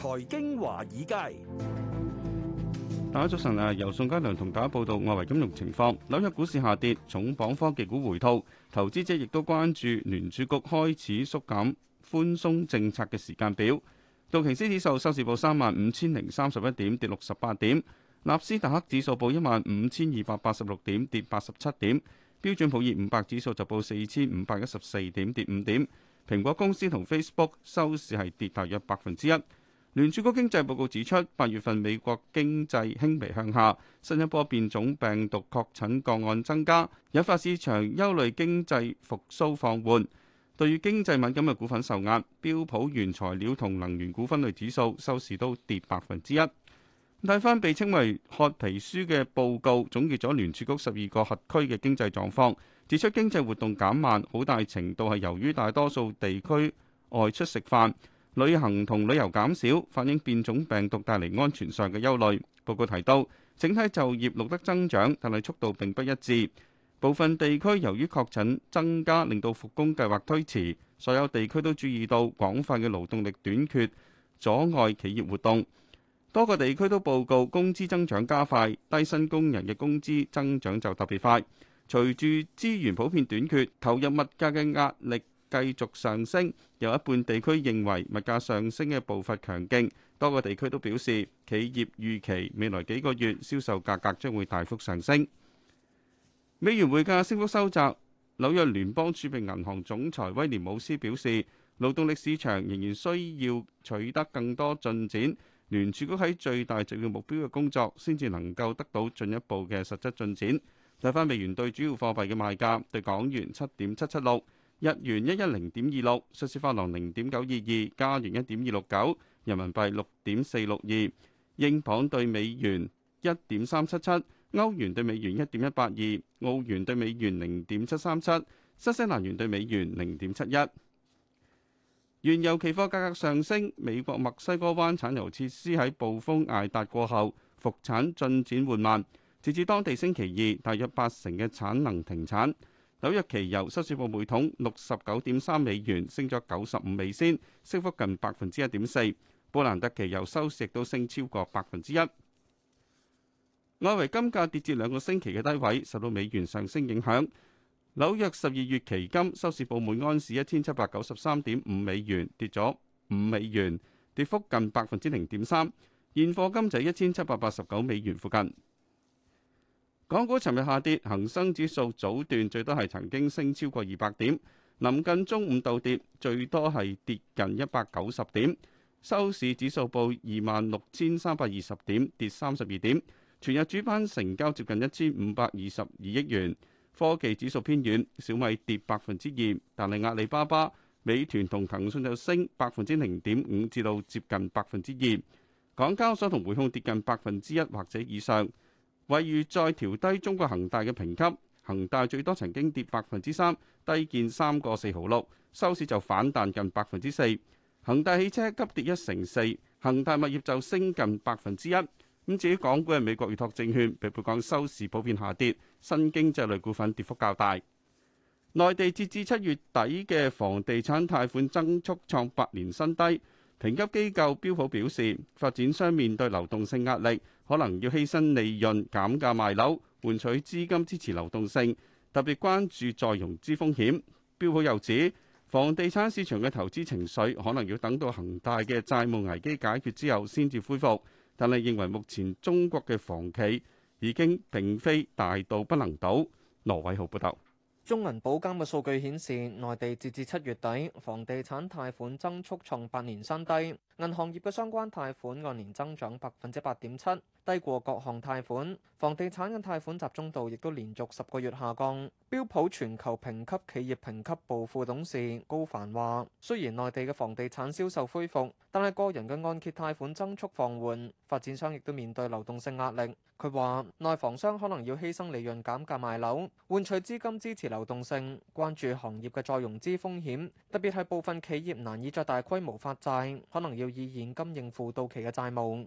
財經華爾街，大家早晨。誒，由宋嘉良同大家報道外圍金融情況。紐約股市下跌，重磅科技股回吐，投資者亦都關注聯儲局開始縮減寬鬆政策嘅時間表。道瓊斯指數收市報三萬五千零三十一點，跌六十八點；納斯達克指數報一萬五千二百八十六點，跌八十七點；標準普爾五百指數就報四千五百一十四點，跌五點。蘋果公司同 Facebook 收市係跌大約百分之一。聯儲局經濟報告指出，八月份美國經濟輕微向下，新一波變種病毒確診個案增加，引發市場憂慮經濟復甦放緩，對於經濟敏感嘅股份受壓。標普原材料同能源股分類指數收市都跌百分之一。睇翻被稱為褐皮書嘅報告，總結咗聯儲局十二個轄區嘅經濟狀況，指出經濟活動減慢，好大程度係由於大多數地區外出食飯。旅行同旅遊減少，反映變種病毒帶嚟安全上嘅憂慮。報告提到，整體就業錄得增長，但係速度並不一致。部分地區由於確診增加，令到復工計劃推遲。所有地區都注意到廣泛嘅勞動力短缺，阻礙企業活動。多個地區都報告工資增長加快，低薪工人嘅工資增長就特別快。隨住資源普遍短缺，投入物價嘅壓力繼續上升，有一半地區認為物價上升嘅步伐強勁，多個地區都表示企業預期未來幾個月銷售價格將會大幅上升。美元匯價升幅收窄，紐約聯邦儲備銀行總裁威廉姆斯表示，勞動力市場仍然需要取得更多進展，聯儲局喺最大重要目標嘅工作先至能夠得到進一步嘅實質進展。睇返美元對主要貨幣嘅賣價，對港元七點七七六。日元一一零點二六，瑞士法郎零點九二二，加元一點二六九，人民幣六點四六二，英鎊對美元一點三七七，歐元對美元一點一八二，澳元對美元零點七三七，新西蘭元對美元零點七一。原油期貨價格上升，美國墨西哥灣產油設施喺暴風艾達過後復產進展緩慢，截至當地星期二，大約八成嘅產能停產。紐約期油收市報每桶六十九點三美元，升咗九十五美仙，升幅近百分之一點四。布蘭特期油收市亦都升超過百分之一。外圍金價跌至兩個星期嘅低位，受到美元上升影響。紐約十二月期金收市報每安士一千七百九十三點五美元，跌咗五美元，跌幅近百分之零點三。現貨金就喺一千七百八十九美元附近。港股尋日下跌，恒生指數早段最多係曾經升超過二百點，臨近中午倒跌，最多係跌近一百九十點，收市指數報二萬六千三百二十點，跌三十二點。全日主板成交接近一千五百二十二億元。科技指數偏軟，小米跌百分之二，但係阿里巴巴、美團同騰訊就升百分之零點五至到接近百分之二。港交所同匯控跌近百分之一或者以上。惠譽再調低中國恒大嘅評級，恒大最多曾經跌百分之三，低見三個四毫六，收市就反彈近百分之四。恒大汽車急跌一成四，恒大物業就升近百分之一。咁至於港股，美國預託證券比港收市普遍下跌，新經濟類股份跌幅較大。內地截至七月底嘅房地產貸款增速創八年新低。評級機構標普表示，發展商面對流動性壓力，可能要犧牲利潤、減價賣樓，換取資金支持流動性。特別關注再融資風險。標普又指，房地產市場嘅投資情緒可能要等到恒大嘅債務危機解決之後先至恢復。但係認為目前中國嘅房企已經並非大到不能倒。羅偉豪報道。中銀保監嘅數據顯示，內地截至七月底，房地產貸款增速創八年新低，銀行業嘅相關貸款按年增長百分之八點七，低過各項貸款。房地產嘅貸款集中度亦都連續十個月下降。標普全球評級企業評級部副董事高凡話，雖然內地嘅房地產銷售恢復，但係個人嘅按揭貸款增速放緩。發展商亦都面對流動性壓力，佢話內房商可能要犧牲利潤減價賣樓，換取資金支持流動性，關注行業嘅再融資風險，特別係部分企業難以再大規模發債，可能要以現金應付到期嘅債務。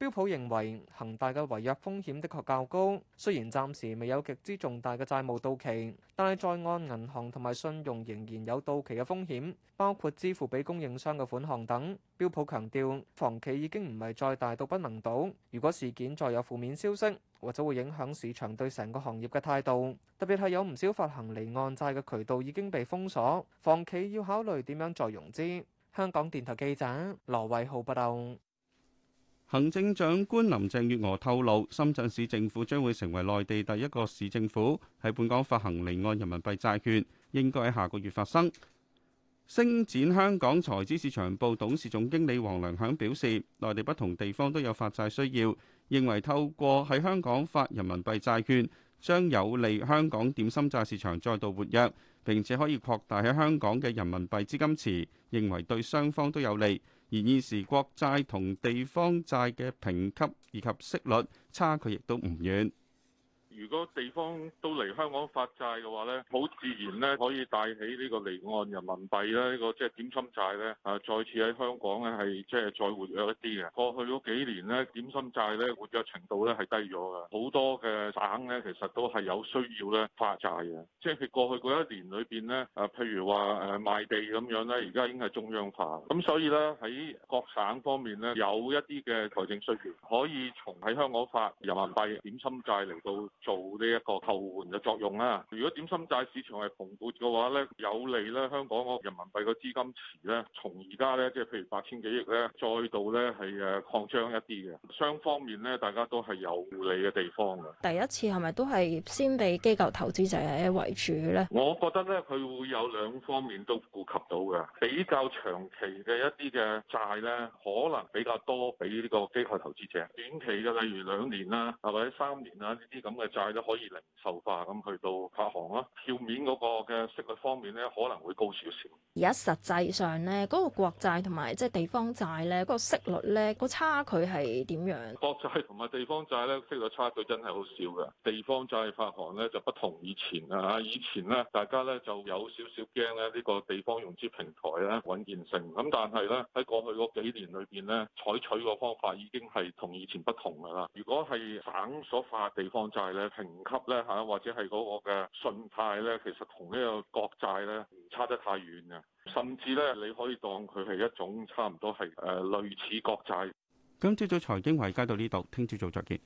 標普認為恒大嘅違約風險的確較高，雖然暫時未有極之重大嘅債務到期，但係在岸銀行同埋信用仍然有到期嘅風險，包括支付俾供應商嘅款項等。標普強調，房企已經唔係再大到不能倒，如果事件再有負面消息，或者會影響市場對成個行業嘅態度，特別係有唔少發行離岸債嘅渠道已經被封鎖，房企要考慮點樣再融資。香港電台記者羅偉浩報道。行政長官林鄭月娥透露，深圳市政府將會成為內地第一個市政府喺本港發行離岸人民幣債券，應該喺下個月發生。星展香港財資市場部董事總經理黃良響表示，內地不同地方都有發債需要，認為透過喺香港發人民幣債券，將有利香港點心債市場再度活躍，並且可以擴大喺香港嘅人民幣資金池，認為對雙方都有利。而現時國債同地方債嘅評級以及息率差距亦都唔遠。如果地方都嚟香港發債嘅話呢，呢好自然呢可以帶起呢個離岸人民幣咧，呢個即係點心債呢，啊再次喺香港呢，係即係再活躍一啲嘅。過去嗰幾年呢，點心債呢活躍程度呢，係低咗嘅。好多嘅省呢，其實都係有需要呢發債嘅，即係佢過去嗰一年裏邊呢，譬如話賣地咁樣呢，而家已經係中央化。咁所以呢，喺各省方面呢，有一啲嘅財政需求，可以從喺香港發人民幣點心債嚟到。做呢一個購換嘅作用啦。如果點心債市場係蓬勃嘅話咧，有利咧香港個人民幣個資金池咧，從而家咧即係譬如八千幾億咧，再度咧係誒擴張一啲嘅。雙方面咧，大家都係有利嘅地方嘅。第一次係咪都係先俾機構投資者為主咧？我覺得咧，佢會有兩方面都顧及到嘅。比較長期嘅一啲嘅債咧，可能比較多俾呢個機構投資者。短期嘅，例如兩年啦，或者三年呀，呢啲咁嘅。債都可以零售化咁去到發行啦。票面嗰個嘅息率方面咧，可能會高少少。而家實際上咧，嗰個國債同埋即係地方債咧，嗰個息率咧，嗰個差距係點樣？國債同埋地方債咧，息率差距真係好少嘅。地方債發行咧就不同以前啊，嚇，以前咧大家咧就有少少驚咧呢個地方融資平台咧穩健性。咁但係咧喺過去嗰幾年裏邊咧採取個方法已經係同以前不同㗎啦。如果係省所發嘅地方債咧。評級咧嚇，或者係嗰個嘅信貸咧，其實同呢個國債咧唔差得太遠嘅，甚至咧你可以當佢係一種差唔多係誒類似國債。今朝早，財經華爾街到呢度，聽朝早再見。